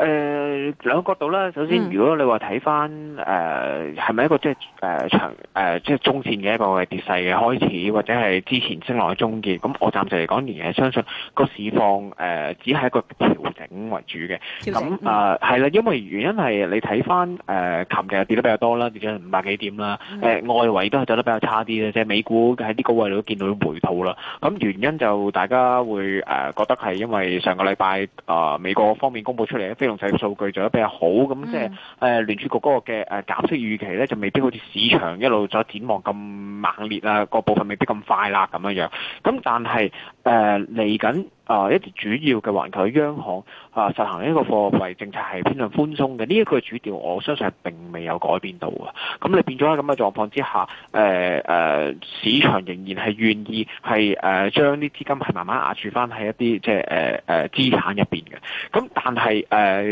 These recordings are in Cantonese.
誒、呃、兩個角度啦，首先如果你話睇翻誒係咪一個即係誒長誒即、呃就是、中線嘅一個跌勢嘅開始，或者係之前升落嘅終結，咁我暫時嚟講仍然係相信個市況誒、呃、只係一個調整為主嘅。調整，係啦、呃，因為原因係你睇翻誒琴日跌得比較多啦，跌咗五百幾點啦、嗯呃。外圍都係走得比較差啲嘅，即、就、係、是、美股喺啲高位都見到回吐啦。咁原因就大家會誒、呃、覺得係因為上個禮拜啊、呃、美國方面公布出嚟非。經濟數據做得比較好，咁即係誒聯儲局嗰個嘅誒、呃、減息預期咧，就未必好似市場一路在展望咁猛烈啊，個步伐未必咁快啦，咁樣樣咁，但係誒嚟緊。呃啊、呃、一啲主要嘅環球央行啊、呃，實行呢個貨幣政策係偏向寬鬆嘅，呢一個主調我相信係並未有改變到嘅。咁你變咗咁嘅狀況之下，誒、呃、誒、呃，市場仍然係願意係誒、呃、將啲資金係慢慢壓住翻喺一啲即係誒誒資產入面嘅。咁但係誒、呃，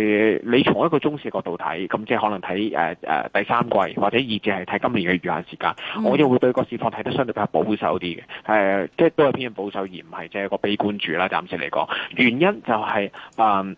你從一個中線角度睇，咁即係可能睇誒、呃、第三季或者以至係睇今年嘅餘限時間，嗯、我又會對個市況睇得相對比較保守啲嘅、呃，即係都係偏向保守而唔係即係個悲觀主啦，嚟講，原因就係誒。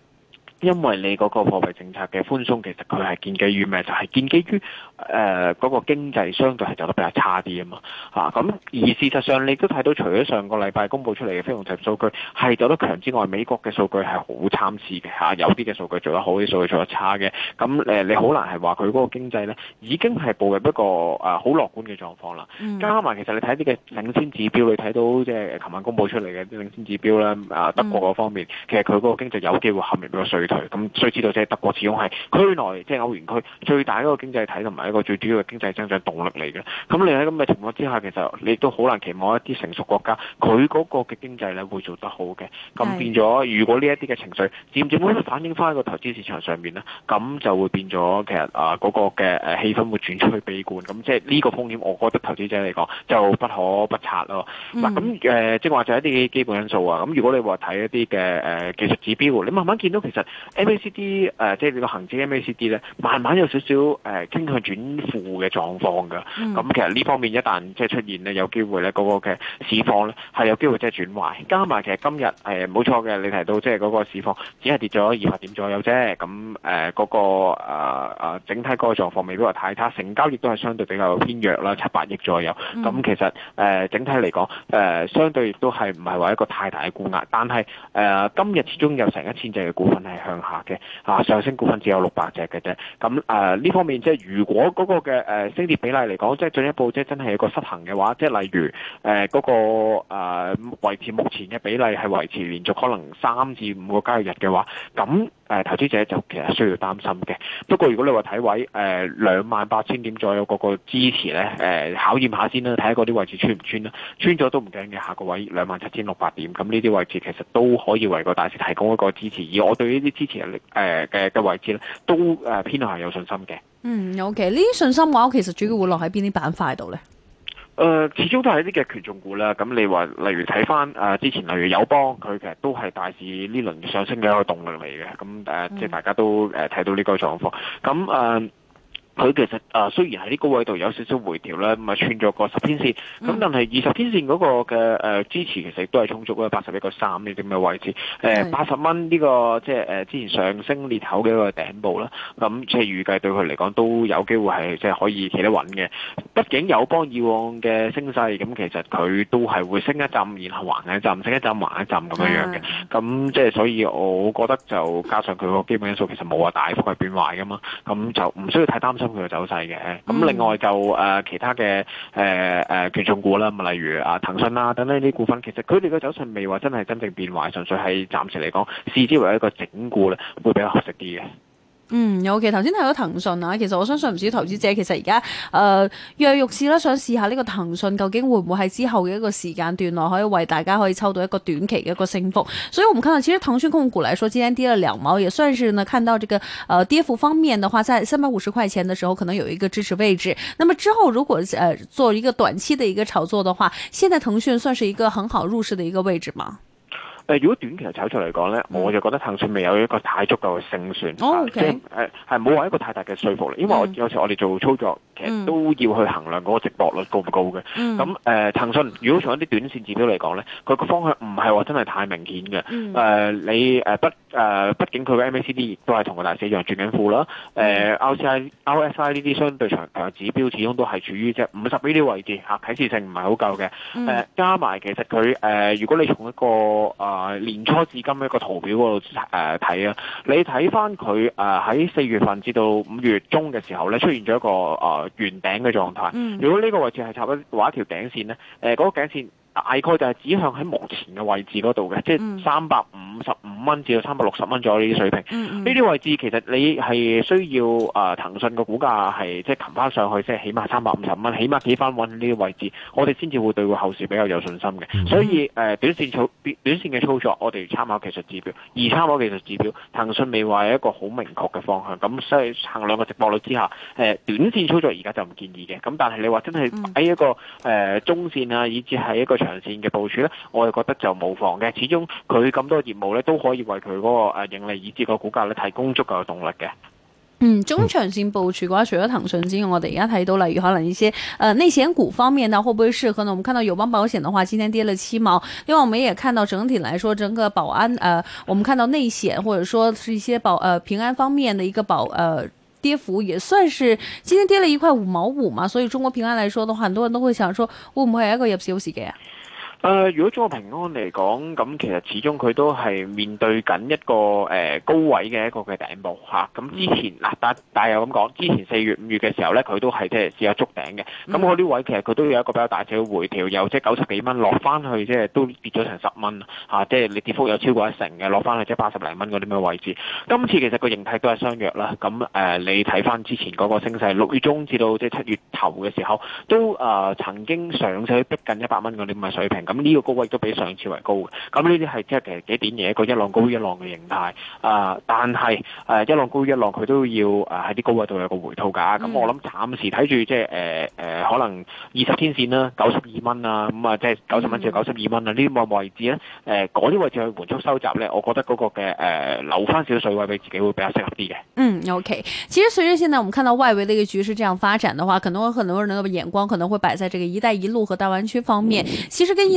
因為你嗰個貨幣政策嘅寬鬆，其實佢係建基於咩？就係、是、建基於誒嗰、呃那個經濟相對係走得比較差啲啊嘛嚇。咁而事實上，你都睇到除咗上個禮拜公布出嚟嘅非農就數據係走得強之外，美國嘅數據係好參差嘅嚇、啊。有啲嘅數據做得好，啲數據做得差嘅。咁誒，你好難係話佢嗰個經濟咧已經係步入一個誒好樂觀嘅狀況啦。加埋其實你睇啲嘅領先指標，你睇到即係琴晚公布出嚟嘅啲領先指標咧，啊德國嗰方面，嗯、其實佢嗰個經濟有機會陷入個衰退。咁、嗯、所以知道即係德國始終係區內即係、就是、歐元區最大一個經濟體同埋一個最主要嘅經濟增長動力嚟嘅。咁你喺咁嘅情況之下，其實你都好難期望一啲成熟國家佢嗰個嘅經濟咧會做得好嘅。咁變咗，如果呢一啲嘅情緒漸漸會反映翻喺個投資市場上面呢？咁就會變咗其實啊嗰、那個嘅誒氣氛會轉出去悲觀。咁即係呢個風險，我覺得投資者嚟講就不可不察咯。嗱咁、呃、即係話就係一啲基本因素啊。咁如果你話睇一啲嘅誒技術指標，你慢慢見到其實。M A C D 誒、呃，即係你個行政 M A C D 咧，慢慢有少少誒、呃、傾向轉負嘅狀況㗎。咁、嗯、其實呢方面一旦即係出現咧，有機會咧，嗰、那個嘅市況咧係有機會即係轉壞。加埋其實今日誒冇錯嘅，你提到即係嗰個市況只係跌咗二百點左右啫。咁誒嗰個誒、呃、整體嗰個狀況未必話太差，成交亦都係相對比較偏弱啦，七八億左右。咁、嗯、其實誒、呃、整體嚟講誒，相對亦都係唔係話一個太大嘅股壓。但係誒、呃、今日始終有成一千隻嘅股份係。上下嘅啊，上升股份只有六百隻嘅啫。咁誒呢方面即係如果嗰個嘅誒、呃、升跌比例嚟講，即係進一步即係真係有個失衡嘅話，即係例如誒嗰、呃那個誒維持目前嘅比例係維持連續可能三至五個交易日嘅話，咁誒、呃、投資者就其實需要擔心嘅。不過如果你話睇位誒兩萬八千點左右嗰個支持咧，誒、呃、考驗下先啦，睇下嗰啲位置穿唔穿啦，穿咗都唔驚嘅。下個位兩萬七千六百點，咁呢啲位置其實都可以為個大市提供一個支持。而我對呢啲。之前力嘅嘅位置咧，都誒偏向有信心嘅。嗯，OK，呢啲信心話，其實主要會落喺邊啲板塊度咧？誒、呃，始終都係啲嘅權重股啦。咁你話，例如睇翻誒之前，例如友邦，佢其實都係大市呢輪上升嘅一個動力嚟嘅。咁誒，即、呃、係、嗯、大家都誒睇到呢個狀況。咁誒。呃佢其實啊、呃，雖然喺呢個位度有少少回調啦，咁啊穿咗個十天線，咁、嗯、但係二十天線嗰個嘅誒、呃、支持其實亦都係充足，八十一個三呢啲咁嘅位置，誒八十蚊呢個即係誒之前上升裂口嘅一個頂部啦，咁即係預計對佢嚟講都有機會係即係可以企得穩嘅。畢竟友邦以往嘅升勢，咁其實佢都係會升一陣，然後橫一陣，升一陣，橫一陣咁樣樣嘅。咁即係所以我覺得就加上佢個基本因素其實冇話大幅係變壞噶嘛，咁就唔需要太擔心。佢嘅走勢嘅，咁另外就誒、呃、其他嘅誒誒權重股啦，咁例如啊騰訊啦、啊、等等呢啲股份，其實佢哋嘅走勢未話真係真正變壞，純粹係暫時嚟講，視之為一個整固咧，會比較合適啲嘅。嗯，OK。頭先提到騰訊啊，其實我相信唔少投資者其實而家誒躍躍欲試啦，想試一下呢個騰訊究竟會唔會喺之後嘅一個時間段內可以為大家可以抽到一個短期嘅一個升幅。所以我們看到其實騰訊控股來說，今天跌了兩毛，也算是呢看到這個呃跌幅方面嘅話，在三百五十塊錢嘅時候可能有一個支持位置。那麼之後如果呃做一個短期嘅一個炒作嘅話，現在騰訊算是一個很好入市嘅一個位置嘛。誒，如果短期嘅炒作嚟講咧，我就覺得騰訊未有一個太足夠嘅勝算。OK，即係係係冇話一個太大嘅説服力，因為我、嗯、有時我哋做操作其實都要去衡量嗰個值博率高唔高嘅。咁、嗯、誒，騰、嗯、訊、呃、如果從一啲短線指標嚟講咧，佢個方向唔係話真係太明顯嘅。誒、嗯呃，你誒、呃、不誒、呃，畢竟佢嘅 MACD 都係同個大市一樣轉緊負啦。誒 RCI RSI 呢啲相對強弱指標始終都係處於隻五十呢啲位置嚇，啟示性唔係好夠嘅。誒、嗯呃，加埋其實佢誒、呃，如果你從一個啊、呃年初至今一個圖表嗰度誒睇啊，你睇翻佢誒喺四月份至到五月中嘅時候咧，出現咗一個誒、呃、圓頂嘅狀態。如果呢個位置係插畫一條頂線咧，誒、呃，嗰、嗰個頂線。大概就係指向喺目前嘅位置嗰度嘅，即係三百五十五蚊至到三百六十蚊左右呢啲水平。呢、嗯、啲、嗯、位置其實你係需要啊、呃，騰訊嘅股價係即係擒翻上去，即、就、係、是、起碼三百五十蚊，起碼企翻穩呢啲位置，我哋先至會對個後市比較有信心嘅、嗯。所以誒、呃，短線操短短線嘅操作，我哋參考技術指標，而參考技術指標騰訊未話係一個好明確嘅方向。咁所以行兩個直播率之下，誒、呃、短線操作而家就唔建議嘅。咁但係你話真係喺一個誒、嗯呃、中線啊，以至係一個長。長線嘅部署咧，我哋覺得就無妨嘅。始終佢咁多業務咧，都可以為佢嗰個誒盈利以至個股價咧，提供足夠嘅動力嘅。嗯，中長線部署嘅話，除咗騰訊之外，我哋而家睇到例如可能一些誒、呃、內險股方面呢，呢會唔會適合呢？我們看到友邦保險的話，今天跌了七毛。因為，我們也看到整體來說，整個保安誒、呃，我們看到內險或者說是一些保誒、呃、平安方面的一個保誒、呃、跌幅，也算是今天跌了一塊五毛五嘛。所以中國平安來說的話，很多人都會想說，會唔會係一個入績唔起嘅？誒、呃，如果中國平安嚟講，咁、嗯、其實始終佢都係面對緊一個誒、呃、高位嘅一個嘅頂部。咁之前嗱，大大又咁講，之前四、啊、月、五月嘅時候咧，佢都係即係試下捉頂嘅。咁我呢位其實佢都有一個比較大嘅回調，有即係九十幾蚊落翻去，即係都跌咗成十蚊。即係你跌幅有超過一成嘅，落翻去即係八十零蚊嗰啲咁嘅位置。今次其實個形態都係相若啦。咁誒、呃，你睇翻之前嗰個升勢，六月中至到即係七月頭嘅時候，都誒、呃、曾經上曬去逼近一百蚊嗰啲咁嘅水平。咁、這、呢個高位都比上次為高嘅，咁呢啲係即係其實幾典型一個一浪高一浪嘅形態啊、呃！但係誒、呃、一浪高一浪，佢都要誒喺啲高位度有個回吐㗎。咁、嗯、我諗暫時睇住即係誒誒可能二十天線啦、啊，九十二蚊啦，咁、就是、啊即係九十蚊至九十二蚊啦，呢啲咁嘅位置咧，誒嗰啲位置去緩速收集咧，我覺得嗰個嘅誒、呃、留翻少少水位俾自己會比較適合啲嘅。嗯，OK。其實隨住現在我們看到外圍嘅一個局勢這樣發展嘅話，可能有很多人嘅眼光可能會擺喺這個「一帶一路」和大灣區方面、嗯。其實跟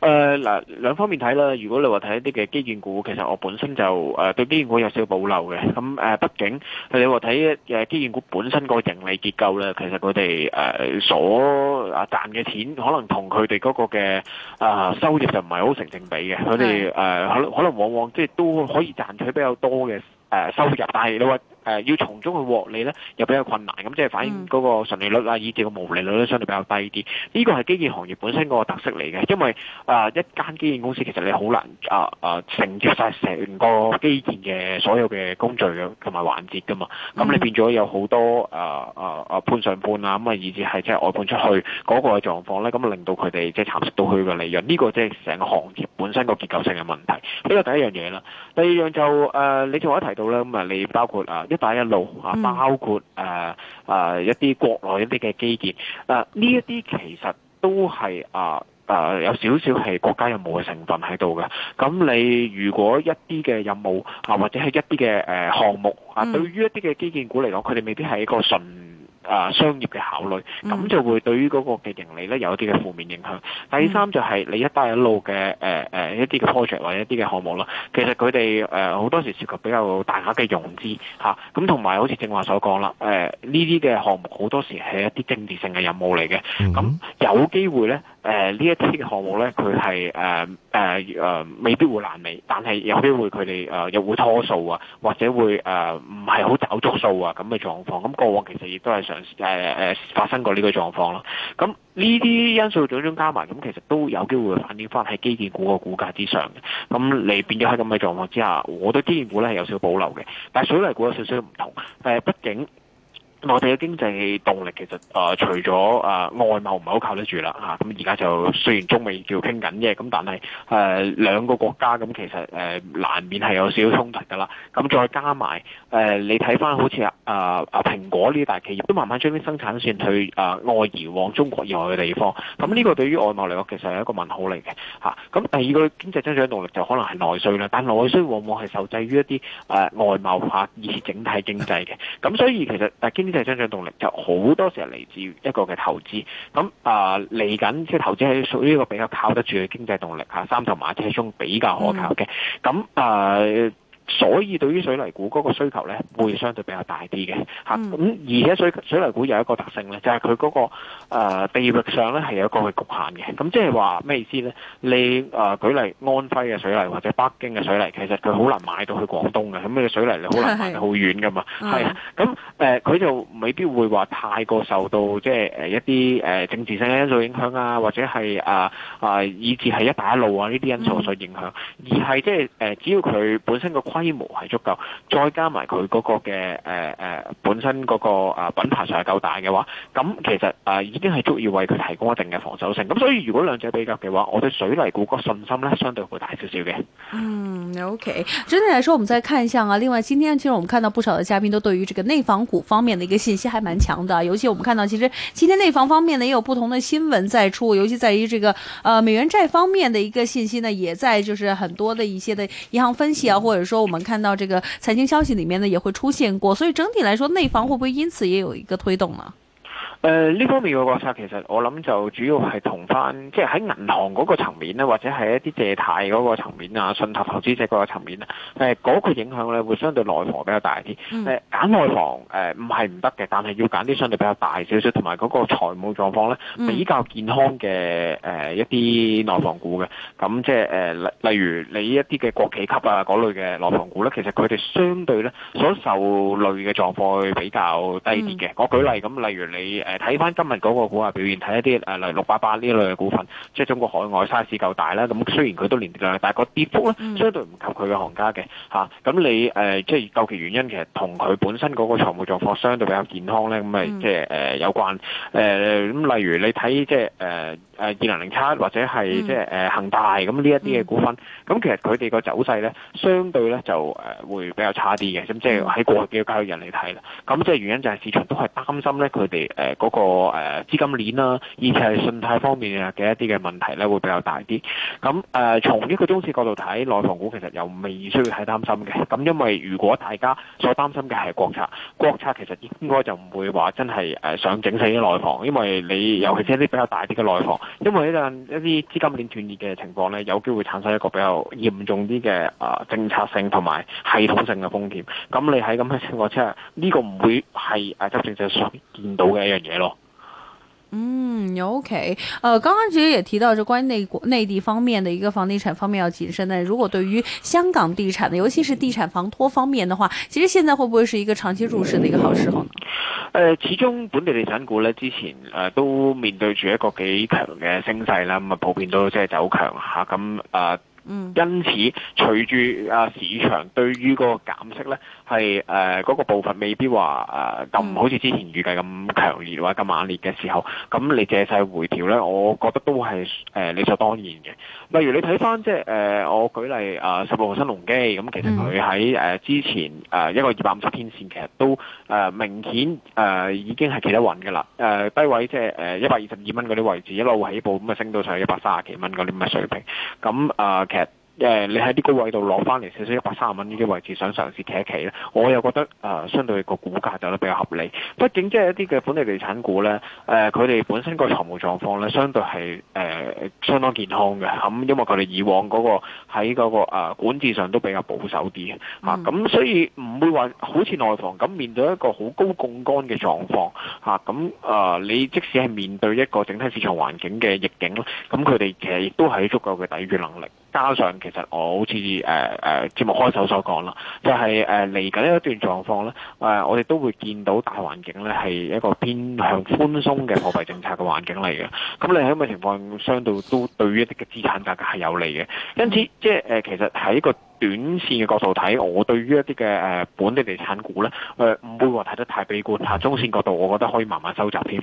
誒、呃，嗱，兩方面睇啦。如果你話睇一啲嘅基建股，其實我本身就誒、呃、對基建股有少少保留嘅。咁誒，畢、呃、竟、呃、你話睇誒基建股本身個盈利結構咧，其實佢哋誒所賺嘅錢，可能同佢哋嗰個嘅啊、呃、收入就唔係好成正比嘅。佢哋誒，可、呃、可能往往即係都可以賺取比較多嘅誒、呃、收入，但係你話誒、呃、要從中去獲利咧，又比較困難。咁即係反映嗰個純利率啊、嗯，以至個毛利率呢，相對比較低啲。呢、這個係基建行業本身個特色嚟嘅，因為啊！一間基建公司其實你好難啊啊承接晒成個基建嘅所有嘅工序同埋環節噶嘛，咁、嗯、你變咗有好多啊啊啊判上判啊咁啊，以至係即係外判出去嗰個嘅狀況咧，咁、啊、令到佢哋即係蠶食到佢嘅利潤，呢、呢個即係成個行業本身個結構性嘅問題。呢個第一樣嘢啦，第二樣就誒，你頭先提到咧，咁啊，你包括啊一帶一路啊，包括誒誒、啊啊、一啲國內一啲嘅基建，誒呢一啲其實都係啊。誒、呃、有少少係國家任務嘅成分喺度嘅，咁你如果一啲嘅任務啊，或者係一啲嘅誒項目、嗯、啊，對於一啲嘅基建股嚟講，佢哋未必係一個純誒、啊、商業嘅考慮，咁就會對於嗰個嘅盈利咧有一啲嘅負面影響。第三就係你一帶一路嘅誒誒一啲嘅 project 或者一啲嘅項目啦，其實佢哋誒好多時涉及比較大額嘅融資嚇，咁同埋好似正話所講啦，誒呢啲嘅項目好多時係一啲政治性嘅任務嚟嘅，咁、嗯、有機會咧。誒、呃、呢一啲嘅項目咧，佢係誒誒誒未必會爛尾，但係有機會佢哋誒又會拖數啊，或者會誒唔係好找足數啊咁嘅狀況。咁、嗯、過往其實亦都係嘗誒誒發生過呢個狀況咯。咁呢啲因素種種加埋，咁、嗯、其實都有機會反映翻喺基建股個股價之上嘅。咁、嗯、你變咗喺咁嘅狀況之下，我對基建股咧係有少少保留嘅，但係水泥股有少少唔同，誒、呃、畢竟。我哋嘅經濟動力其實、呃、除咗、呃、外貿唔係好靠得住啦，咁而家就雖然中美叫傾緊嘅，咁但係、呃、兩個國家咁其實、呃、難免係有少少衝突噶啦，咁再加埋、呃、你睇翻好似啊啊蘋果呢啲大企業都慢慢將啲生產線去、呃、外移往中國以外嘅地方，咁呢個對於外貿嚟講其實係一個問號嚟嘅。咁第二個經濟增長嘅動力就可能係內需啦，但係內需往往係受制於一啲、呃、外貿化以整體經濟嘅，咁所以其實但係經濟增長動力就好多時嚟自一個嘅投資，咁啊嚟緊即係投資係屬於一個比較靠得住嘅經濟動力嚇，三頭馬車中比較可靠嘅，咁、嗯、啊。所以對於水泥股嗰個需求咧，會相對比較大啲嘅嚇。咁而且水水泥股有一個特性咧，就係佢嗰個誒地域上咧係有一個去局限嘅。咁即係話咩意思咧？你誒、啊、舉例安徽嘅水泥或者北京嘅水泥，其實佢好難買到去廣東嘅。咁你水泥你好難買到好遠噶嘛？係咁誒佢就未必會話太過受到即係誒一啲誒政治性嘅因素影響啊，或者係啊、呃呃、以至係一帶一路啊呢啲因素所影響，嗯、而係即係誒只要佢本身個規模係足夠，再加埋佢嗰個嘅誒誒本身嗰個啊品牌上係夠大嘅話，咁其實啊、呃、已經係足以為佢提供一定嘅防守性。咁所以如果兩者比較嘅話，我對水泥股個信心呢相對會大少少嘅。嗯，OK。整體嚟講，我們再看一下啊。另外，今天其實我們看到不少的嘉賓都對於這個內房股方面嘅一個信息，還蠻強的。尤其我們看到，其實今天內房方面呢也有不同的新聞在出，尤其在於這個呃美元債方面嘅一個信息呢，也在就是很多的一些的銀行分析啊，嗯、或者說。我們看到這個財經消息裏面呢，也會出現過，所以整體來說，內房會不會因此也有一個推動呢？誒、呃、呢方面嘅國策其實我諗就主要係同翻即係喺銀行嗰個層面咧，或者係一啲借貸嗰個層面啊、信託投資者嗰個層面咧，誒、呃、嗰、那個影響咧會相對內房比較大啲。誒，揀內房唔係唔得嘅，但係要揀啲相對比較大少少，同埋嗰個財務狀況咧比較健康嘅、呃、一啲內房股嘅。咁、嗯、即係例、呃、例如你一啲嘅國企級啊嗰類嘅內房股咧，其實佢哋相對咧所受累嘅狀況會比較低啲嘅、嗯。我舉例咁、嗯，例如你。誒睇翻今日嗰個股啊表現，睇一啲誒、呃、例如六八八呢類股份，即係中國海外，size 夠大啦。咁雖然佢都連跌量，但係個跌幅咧相對唔及佢嘅行家嘅咁、啊、你誒、呃、即係究其原因，其實同佢本身嗰個財務狀況相對比較健康咧，咁咪即係誒有關誒咁。例如你睇即係誒。呃誒二零零七或者係即係誒恒大咁呢一啲嘅股份，咁其實佢哋個走勢咧，相對咧就誒會比較差啲嘅，咁即係喺過去幾個交易日嚟睇啦。咁即係原因就係市場都係擔心咧佢哋誒嗰個誒、呃、資金鏈啦、啊，而且係信貸方面嘅一啲嘅問題咧會比較大啲。咁誒、呃、從呢個中市角度睇內房股其實又未需要太擔心嘅，咁因為如果大家所擔心嘅係國策，國策其實應該就唔會話真係誒想整死啲內房，因為你尤其是一啲比較大啲嘅內房。因為呢陣一啲資金鏈斷裂嘅情況咧，有機會產生一個比較嚴重啲嘅啊政策性同埋系統性嘅風險。咁你喺咁嘅情況之下，呢、這個唔會係啊執政者所見到嘅一樣嘢咯。嗯，OK，呃剛剛其實也提到，就關於內國內地方面的一個房地產方面要謹慎。但如果對於香港地產呢，尤其是地產房託方面的話，其實現在會不會是一個長期入市的一個好時候呢？誒、呃，始終本地地產股呢之前，呃、都面對住一個幾強嘅升勢啦，咁啊普遍都即係走強吓，咁、啊、誒、呃嗯，因此隨住啊市場對於嗰個減息呢係誒嗰個部分未必話誒咁好似之前預計咁強烈或者咁猛烈嘅時候，咁你借勢回調咧，我覺得都係誒、呃、理所當然嘅。例如你睇翻即係誒，我舉例誒十六號新鴻基咁、嗯，其實佢喺誒之前誒一個二百五十天線，其實都誒、呃、明顯誒、呃、已經係企得穩嘅啦。誒、呃、低位即係誒一百二十二蚊嗰啲位置一路起步咁啊，升到上一百三十幾蚊嗰啲咁嘅水平。咁誒、呃、其實。誒，你喺呢個位度攞翻嚟，少少一百三十蚊呢啲位置，想嘗試企一企咧，我又覺得、呃、相對個股價走得比較合理。畢竟即係一啲嘅本地地產股咧，誒佢哋本身個財務狀況咧，相對係、呃、相當健康嘅。咁因為佢哋以往嗰、那個喺嗰、那個、呃、管治上都比較保守啲咁、嗯啊、所以唔會話好似內房咁面對一個好高槓桿嘅狀況咁誒、啊呃。你即使係面對一個整體市場環境嘅逆境，咁佢哋其實亦都係有足夠嘅抵禦能力。加上其實我好似誒誒節目開首所講啦，就係誒嚟緊一段狀況咧、啊，我哋都會見到大環境咧係一個偏向寬鬆嘅貨幣政策嘅環境嚟嘅，咁你喺咁嘅情況，相對都對於一啲嘅資產價格係有利嘅，因此即係、就是啊、其實喺一個短線嘅角度睇，我對於一啲嘅誒本地地產股咧，誒、啊、唔會話睇得太悲觀嚇、啊，中線角度，我覺得可以慢慢收集添。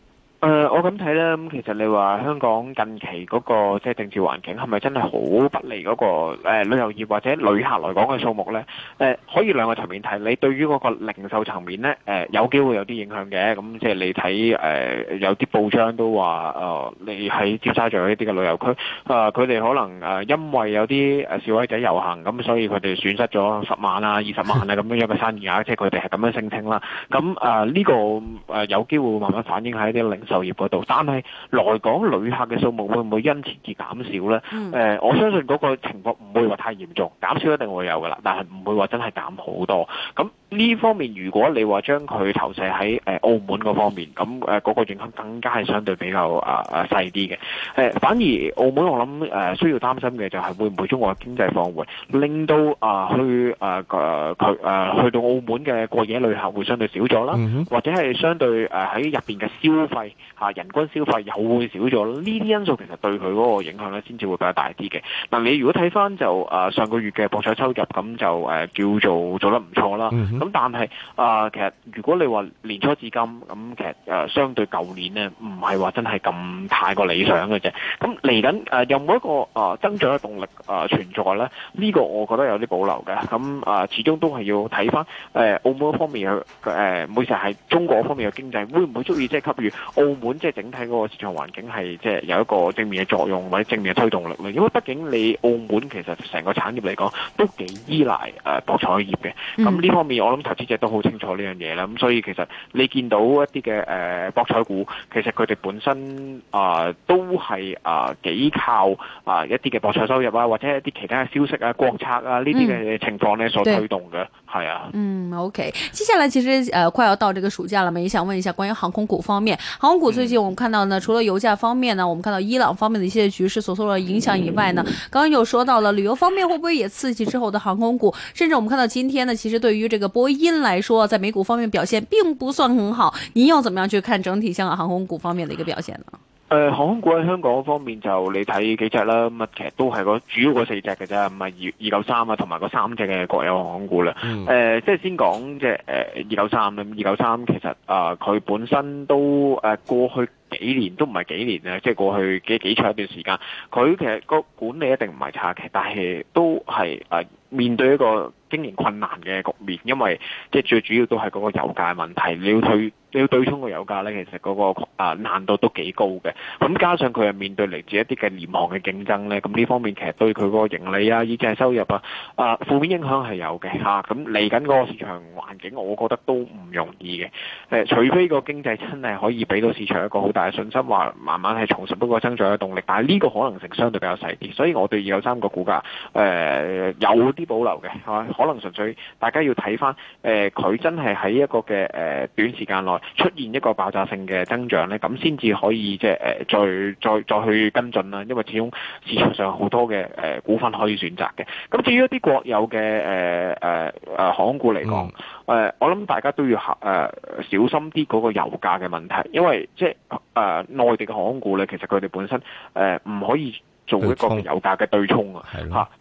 誒、呃，我咁睇咧，咁其實你話香港近期嗰、那個即、就是、政治環境係咪真係好不利嗰、那個、呃、旅遊業或者旅客來講嘅數目咧、呃？可以兩個層面睇。你對於嗰個零售層面咧、呃，有機會有啲影響嘅。咁即係你睇、呃、有啲報章都話、呃，你喺尖沙咀呢啲嘅旅遊區，佢、呃、哋可能、呃、因為有啲誒示威者遊行，咁所以佢哋損失咗十萬啊、二十萬啊咁樣嘅生意呀，即係佢哋係咁樣聲稱啦。咁呢、呃這個、呃、有機會慢慢反映喺啲零就業嗰度，但係來港旅客嘅數目會唔會因此而減少咧？誒、嗯呃，我相信嗰個情況唔會話太嚴重，減少一定會有噶啦，但係唔會話真係減好多咁。嗯呢方面，如果你話將佢投射喺、呃、澳門嗰方面，咁嗰、呃那個影響更加係相對比較啊啊細啲嘅。反而澳門我諗、呃、需要擔心嘅就係會唔會中國嘅經濟放緩，令到啊、呃、去誒佢、呃去，呃去，呃去，呃、去到澳門嘅過夜旅客會相對少咗啦，或者係相對誒喺入面嘅消費、呃、人均消費又會少咗。呢啲因素其實對佢嗰個影響咧，先至會比較大啲嘅。嗱，你如果睇翻就、呃、上個月嘅博彩收入，咁就、呃、叫做做得唔錯啦。嗯咁但係啊、呃，其實如果你話年初至今，咁其實誒、呃、相對舊年呢，唔係話真係咁太過理想嘅啫。咁嚟緊誒有冇一個啊、呃、增長嘅動力啊、呃、存在咧？呢、呢個我覺得有啲保留嘅。咁啊、呃，始終都係要睇翻誒澳門方面嘅、呃、每時係中國方面嘅經濟會唔會足以即係給予澳門即係、就是、整體嗰個市場環境係即係有一個正面嘅作用或者正面嘅推動力咧？因為畢竟你澳門其實成個產業嚟講都幾依賴誒博、呃、彩業嘅。咁呢方面我。嗯咁投資者都好清楚呢樣嘢啦，咁所以其實你見到一啲嘅誒博彩股，其實佢哋本身啊、呃、都係啊幾靠啊、呃、一啲嘅博彩收入啊，或者一啲其他嘅消息啊、國策啊呢啲嘅情況呢，所推動嘅，係、嗯、啊。嗯，OK。接下來其實誒快要到這個暑假啦嘛，也想問一下關於航空股方面，航空股最近我們看到呢，除了油價方面呢，我們看到伊朗方面的一些局勢所受到影響以外呢、嗯，剛剛又說到了旅遊方面，會不會也刺激之後的航空股？甚至我們看到今天呢，其實對於這個波國英來說，在美股方面表現並不算很好，你要怎麼樣去看整體香港航空股方面的一個表現呢？誒、呃，航空股喺香港方面就你睇幾隻啦，咁啊，其實都係主要個四隻嘅啫，唔係二二九三啊，同埋個三隻嘅國有航空股啦。誒、嗯呃，即係先講即係誒二九三啦，二九三其實啊，佢、呃、本身都誒、呃、過去幾年都唔係幾年啊，即係過去幾幾長一段時間，佢其實個管理一定唔係差嘅，但係都係誒。呃面對一個經營困難嘅局面，因為即係最主要都係嗰個油價問題，你要對你要對沖個油價呢，其實嗰個啊難度都幾高嘅。咁加上佢係面對嚟自一啲嘅廉航嘅競爭呢，咁呢方面其實對佢個盈利啊，以及係收入啊，啊負面影響係有嘅吓。咁嚟緊嗰個市場環境，我覺得都唔容易嘅。誒，除非個經濟真係可以俾到市場一個好大嘅信心，話慢慢係重拾嗰個增長嘅動力，但係呢個可能性相對比較細啲。所以我對二九三嘅股價、呃、有。保留嘅，係可能純粹大家要睇翻，誒、呃、佢真係喺一個嘅誒短時間內出現一個爆炸性嘅增長咧，咁先至可以，即係誒再再再去跟進啦。因為始終市場上好多嘅誒、呃、股份可以選擇嘅。咁至於一啲國有嘅誒誒誒航空股嚟講，誒、呃、我諗大家都要誒、啊、小心啲嗰個油價嘅問題，因為即係誒內地嘅航空股咧，其實佢哋本身誒唔、啊、可以，做一個油價嘅對沖啊，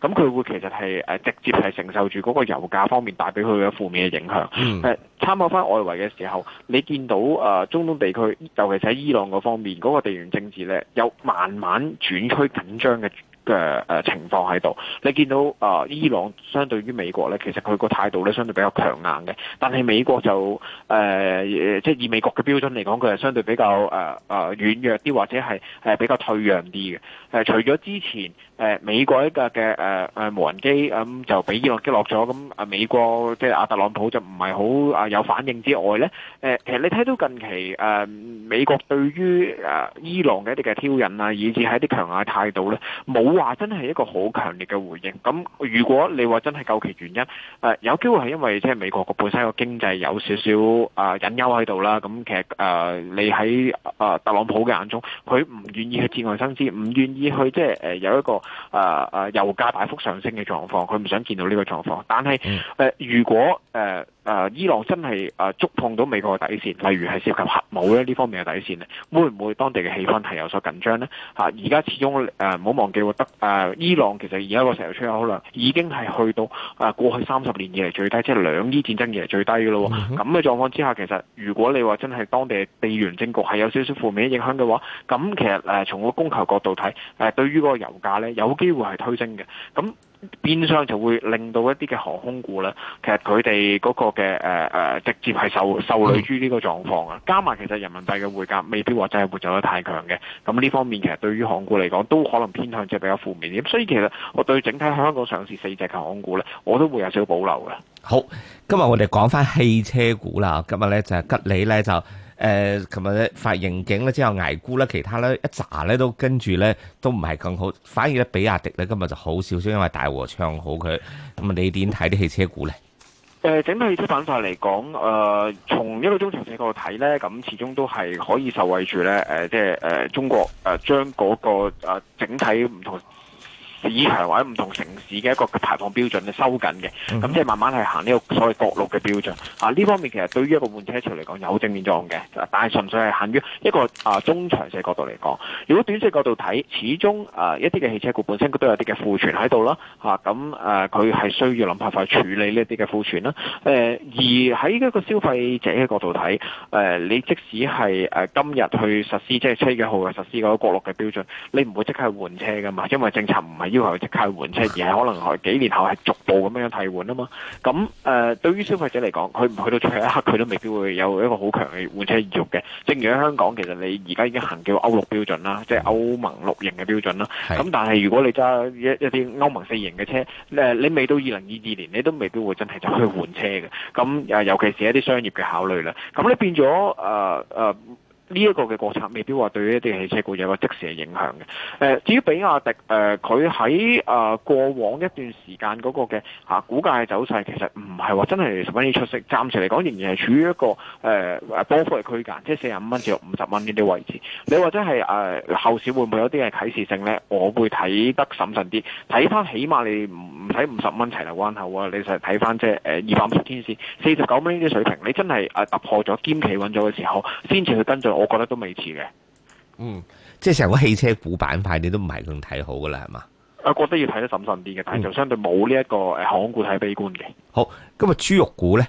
咁佢、嗯、會其實係直接係承受住嗰個油價方面帶俾佢嘅負面嘅影響。啊、參考翻外圍嘅時候，你見到誒、呃、中東地區，尤其是喺伊朗嗰方面，嗰、嗰個地緣政治咧有慢慢轉趨緊張嘅嘅誒情況喺度，你見到啊，伊朗相對於美國咧，其實佢個態度咧相對比較強硬嘅。但係美國就誒、呃，即係以美國嘅標準嚟講，佢係相對比較誒誒、呃呃、軟弱啲，或者係係比較退讓啲嘅。係、呃、除咗之前誒、呃、美國一架嘅誒誒無人機咁、呃、就俾伊朗擊落咗，咁、呃、啊美國即係阿特朗普就唔係好啊有反應之外咧，誒、呃、其實你睇到近期誒、呃、美國對於誒、呃、伊朗嘅一啲嘅挑釁啊，以至係一啲強硬態度咧冇。話真係一個好強烈嘅回應。咁如果你話真係究其原因，誒有機會係因為即係美國個本身個經濟有少少啊隱憂喺度啦。咁其實誒你喺啊特朗普嘅眼中，佢唔願意去節外生枝，唔願意去即係誒有一個誒誒油價大幅上升嘅狀況，佢唔想見到呢個狀況。但係誒如果誒。誒、呃，伊朗真係誒、呃、觸碰到美國嘅底線，例如係涉及核武咧呢方面嘅底線呢，會唔會當地嘅氣氛係有所緊張呢？嚇、啊，而家始終誒唔好忘記，得、呃、誒伊朗其實而家個石油出口量已經係去到、呃、過去三十年以嚟最低，即係兩伊戰爭以嚟最低嘅咯。咁嘅狀況之下，其實如果你話真係當地地緣政局係有少少負面影響嘅話，咁其實誒、呃、從個供求角度睇、呃，對於嗰個油價呢，有機會係推升嘅。咁邊廂就會令到一啲嘅航空股咧，其實佢哋嗰個嘅誒誒，直接係受受累於呢個狀況啊。加埋其實人民幣嘅匯價未必話真係會走得太強嘅，咁呢方面其實對於航空股嚟講都可能偏向即係比較負面啲。所以其實我對整體香港上市四隻嘅航空股咧，我都會有少少保留嘅。好，今日我哋講返汽車股啦。今日咧就吉利咧就。誒琴日咧發盈警咧，之後捱沽咧，其他咧一紮咧都跟住咧，都唔係咁好，反而咧比亞迪咧今日就好少少，因為大和唱好佢。咁啊，你點睇啲汽車股咧？誒、呃，整體汽車板塊嚟講，誒、呃，從一個中長期角度睇咧，咁始終都係可以受惠住咧。誒、呃，即係誒中國誒、呃、將嗰、那個、呃、整體唔同。市場或者唔同城市嘅一個排放標準咧收緊嘅，咁即係慢慢係行呢個所謂國六嘅標準。啊，呢方面其實對於一個換車潮嚟講有正面作用嘅，但係純粹係限於一個啊中長線角度嚟講。如果短線角度睇，始終啊一啲嘅汽車股本身都有啲嘅庫存喺度啦，嚇咁誒佢係需要諗辦法處理呢一啲嘅庫存啦。誒、啊、而喺一個消費者嘅角度睇，誒、啊、你即使係誒、啊、今日去實施即係七月號嘅實施嗰個國六嘅標準，你唔會即刻換車㗎嘛，因為政策唔係。要求即刻換車，而係可能係幾年後係逐步咁樣替換啊嘛。咁誒，對於消費者嚟講，佢唔去到最後一刻，佢都未必會有一個好強嘅換車意欲嘅。正如喺香港，其實你而家已經行叫歐六標準啦，即係歐盟六型嘅標準啦。咁但係如果你揸一一啲歐盟四型嘅車，誒，你未到二零二二年，你都未必會真係走去換車嘅。咁誒，尤其係一啲商業嘅考慮啦。咁你變咗誒誒。呢一個嘅國策未必話對於一啲汽車股有個即時嘅影響嘅。誒，至於比亞迪誒，佢喺誒過往一段時間嗰個嘅啊股價嘅走勢，其實唔係話真係十分之出色。暫時嚟講，仍然係處於一個誒波幅嘅區間，即係四十五蚊至到五十蚊呢啲位置。你或者係誒後市會唔會有啲嘅啟示性呢？我會睇得審慎啲。睇翻，起碼你唔唔使五十蚊齊頭關口啊！你實係睇翻即係誒二百五十天線四十九蚊呢啲水平，你真係誒突破咗，兼企穩咗嘅時候，先至去跟進。我覺得都未遲嘅，嗯，即係成個汽車股板塊，你都唔係咁睇好噶啦，係嘛？我覺得要睇得審慎啲嘅，嗯，但係就相對冇呢一個誒，航空股睇悲觀嘅。好，今日豬肉股咧？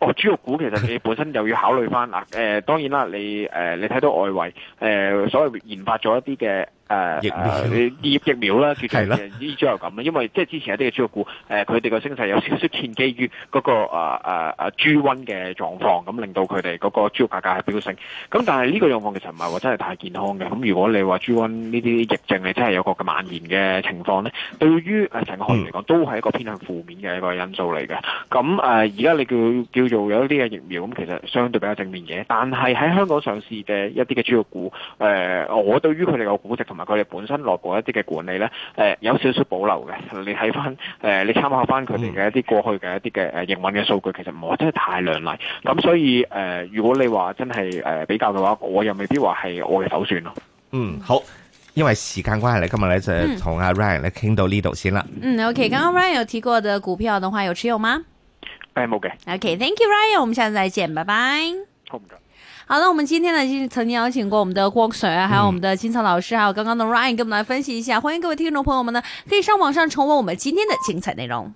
哦，豬肉股其實你本身又要考慮翻嗱，誒、 呃，當然啦，你誒、呃，你睇到外圍誒、呃，所謂研發咗一啲嘅。誒疫疫疫苗啦，叫做呢種又咁啦，因為即係之前一啲嘅豬肉股，誒佢哋個升勢有少少偏基於嗰個啊啊啊豬瘟嘅狀況，咁令到佢哋嗰個豬肉價格係飆升。咁但係呢個狀況其實唔係話真係太健康嘅。咁如果你話豬瘟呢啲疫症你真係有個咁蔓延嘅情況咧，對於誒成個行業嚟講都係一個偏向負面嘅一個因素嚟嘅。咁誒而家你叫叫做有一啲嘅疫苗，咁其實相對比較正面嘅。但係喺香港上市嘅一啲嘅豬肉股，誒我對於佢哋個估值，同埋佢哋本身內部一啲嘅管理咧，誒、呃、有少少保留嘅。你睇翻，誒、呃、你參考翻佢哋嘅一啲過去嘅一啲嘅誒營運嘅數據，嗯，其實唔係話真係太亮麗。咁所以誒、呃，如果你話真係誒比較嘅話，我又未必話係我嘅首選咯。嗯，好，因為時間關係你今日咧就同阿 Ray 咧傾到呢度先啦。嗯，OK，剛剛 Ray 有提過嘅股票嘅話，有持有嗎？誒、嗯，冇嘅。OK，Thank、okay, you，Ray，我哋下次再見，拜拜。好、oh, 唔好的，我們今天呢，就是曾經邀請過我們的郭凱旋，還有我們的金草老師，還有剛剛的 Ryan，跟我們來分析一下。歡迎各位聽眾朋友們呢，可以上網上重温我們今天的精彩內容。